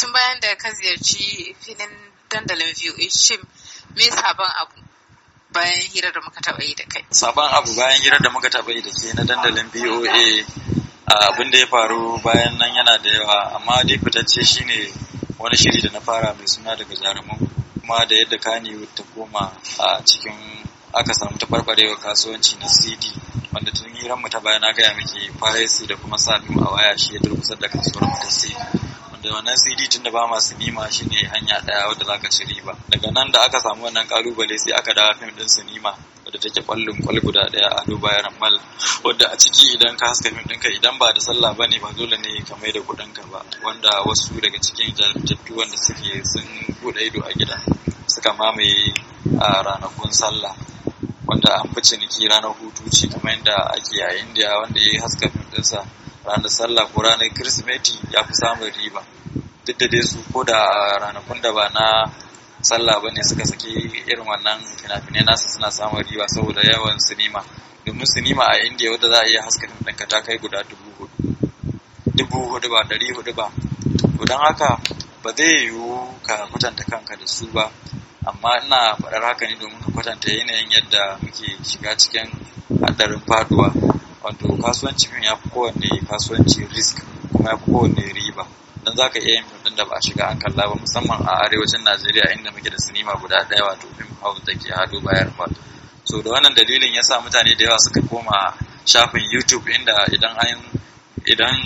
tun bayan da ka ziyarci filin dandalin view shim me sabon abu bayan hirar da muka taɓa yi da kai sabon abu bayan hirar da muka taɓa yi da ke na dandalin boa abin da ya faru bayan nan yana da yawa amma dai fitacce shine wani shiri da na fara mai suna daga jarumin kuma da yadda kani ta koma a cikin aka samu ta farfarewa kasuwanci na cd wanda tun hirar mu ta bayan na gaya muke faresi da kuma salim a waya shi ya durkusar da kasuwar mu ta cd wannan cd tun da ba masu nima shine hanya ɗaya wadda za ka ci riba daga nan da aka samu wannan ƙalubale sai aka dawo fim din sinima wadda take ƙwallon kwal guda daya a duba mal wadda a ciki idan ka haska fim ɗinka idan ba da sallah ba ne ba dole ne ka mai da kuɗin ka ba wanda wasu daga cikin jajjattu wanda suke sun buɗe ido a gida suka mamaye a ranakun sallah wanda an fi ciniki ranar hutu ce kamar yadda ake a indiya wanda ya yi haska fim ɗinsa ranar sallah ko ranar kirsimeti ya fi samun riba duk da dai su ko da ranakun da ba na sallah ba ne suka saki irin wannan fina-finai nasu suna samun riba saboda yawan sinima domin sinima a indiya wadda za a iya haska ɗinka ta kai guda dubu hudu dubu hudu ba ɗari hudu ba to don haka ba zai yiwu ka kwatanta kanka da su ba amma ina faɗar haka ne domin ka kwatanta yanayin yadda muke shiga cikin hadarin faduwa wato kasuwanci fim ya fi kowanne kasuwanci risk kuma ya fi kowanne riba sannan za ka iya yin fim ɗin da ba a shiga an kalla ba musamman a arewacin najeriya inda muke da sinima guda ɗaya wato fim house da ke hadu bayan kwal so da wannan dalilin ya sa mutane da yawa suka koma shafin youtube inda idan an idan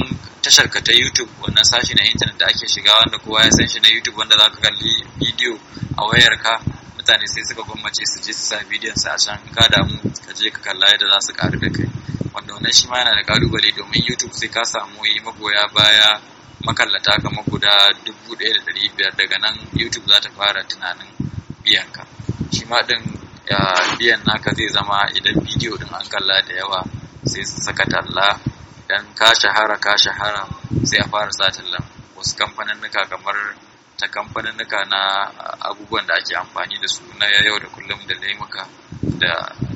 tashar ka ta youtube wannan sashi na intanet da ake shiga wanda kowa ya san shi na youtube wanda za ka kalli bidiyo a wayar ka mutane sai suka gwammace su je su sa bidiyon su a can ka damu ka je ka kalla yadda za su karu da kai wanda wannan shi ma yana da kalubale domin youtube sai ka samu yi magoya baya makallata kama guda dubu ɗaya da ɗari biyar daga nan youtube za ta fara tunanin biyan ka shi ma ɗin biyan naka zai zama idan bidiyo ɗin an kalla da yawa sai su saka talla dan ka shahara ka shahara sai a fara sa talla wasu kamfanin nuka kamar ta kamfanin nuka na abubuwan da ake amfani da su na yau da kullum da laimuka da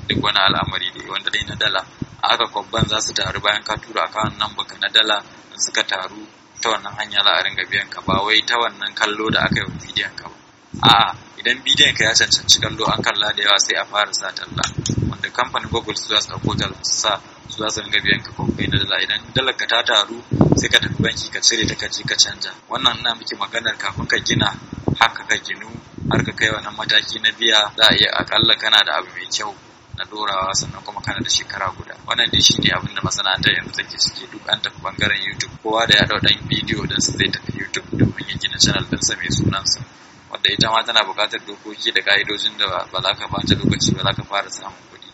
duk wani al'amari da wanda dai na dala aka kwabban za su taru bayan ka tura akawun nan baka na dala suka taru ta wannan hanya za a ringa biyan ka ba wai ta wannan kallo da aka yi wa bidiyon ka ba a'a idan bidiyon ka ya cancanci kallo an kalla da yawa sai a fara sa talla wanda kamfanin google su za su ɗauko talla su sa su za su ringa biyan ka kwamfai na dala idan dalar ka ta taru sai ka tafi banki ka cire ta ka je ka canja wannan ina miki maganar kafin ka gina haka ka ginu har ka kai wannan mataki na biya za a iya akalla kana da abu mai kyau na dorawa sannan kuma kana da shekara guda wannan dai shine abin da masana'antar yanzu take suke duk an tafi bangaren youtube kowa da ya dau dan bidiyo dan su zai tafi youtube domin ya gina channel din sa mai sunan sa wanda ita ma tana buƙatar dokoki da ka'idojin da ba za ka bata lokaci ba za ka fara samun kuɗi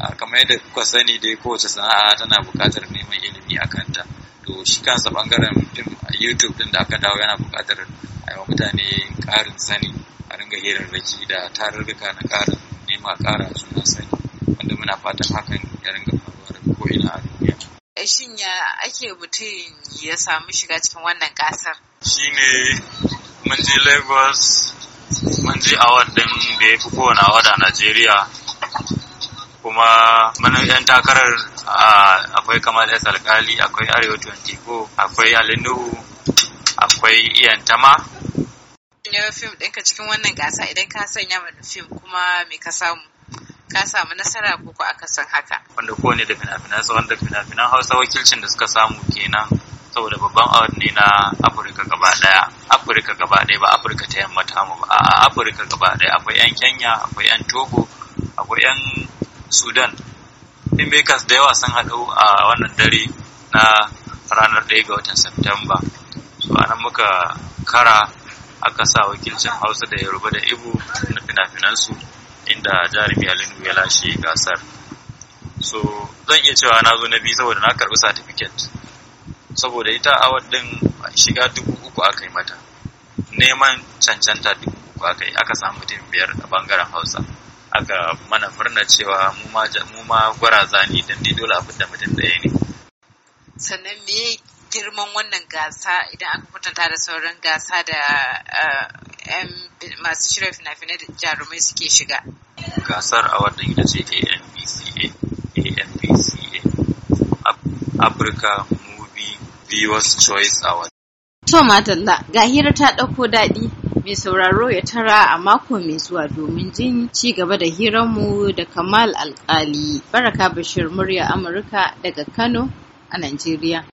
A kamar yadda kuka sani dai kowace sana'a tana buƙatar neman ilimi a kanta to shi kansa bangaren fim a youtube din da aka dawo yana buƙatar a yi wa mutane ƙarin sani a ringa hirarraki da tarurruka na ƙarin nema ƙara suna sani wanda muna fatan hakan ya ringa faruwa daga ko'ina a duniya. Eh, shin ya ake mutum ya samu shiga cikin wannan gasar? Shi ne mun je Lagos, mun je award ɗin da ya fi kowane award a Najeriya. Kuma mana yan takarar akwai Kamal S. Alkali, akwai Arewa 24, akwai Alinuhu, akwai Iyan Tama. Ne fim ɗinka cikin wannan gasa idan ka sanya fim kuma me ka samu? ka samu nasara ko ko akasin haka wanda ne da fina su wanda fina hausa wakilcin da suka samu kenan saboda babban award ne na afirka gaba daya afirka gaba daya ba afirka ta yamma ta mu ba a afirka gaba daya akwai yan kenya akwai yan togo akwai yan sudan Makers da yawa sun haɗu a wannan dare na ranar ɗaya ga watan Septemba. So anan muka kara aka sa wakilcin Hausa da Yoruba da Ibo na fina-finansu inda jarumi alinu ya lashe gasar so zan iya cewa na zo na biyu saboda na karɓi certificate saboda ita award din shiga dubu uku aka yi mata neman cancanta dubu uku aka yi aka samu mutum biyar a bangaren hausa aka mana murna cewa mu ma gwaraza ne don dai dole abin da mutum ɗaya ne. Sannan me girman wannan gasa idan aka mutunta da sauran gasa da eh, masu shirya fina-finai da jarumai suke shiga. Gasar a wannan ita ce ANBCA Africa Movie Viewers Choice Award. To Madalla, ga hira ta ɗauko daɗi mai sauraro ya tara a mako mai zuwa domin jin ci gaba da hiranmu da Kamal Alkali. Baraka Bashir murya Amurka daga Kano a Najeriya.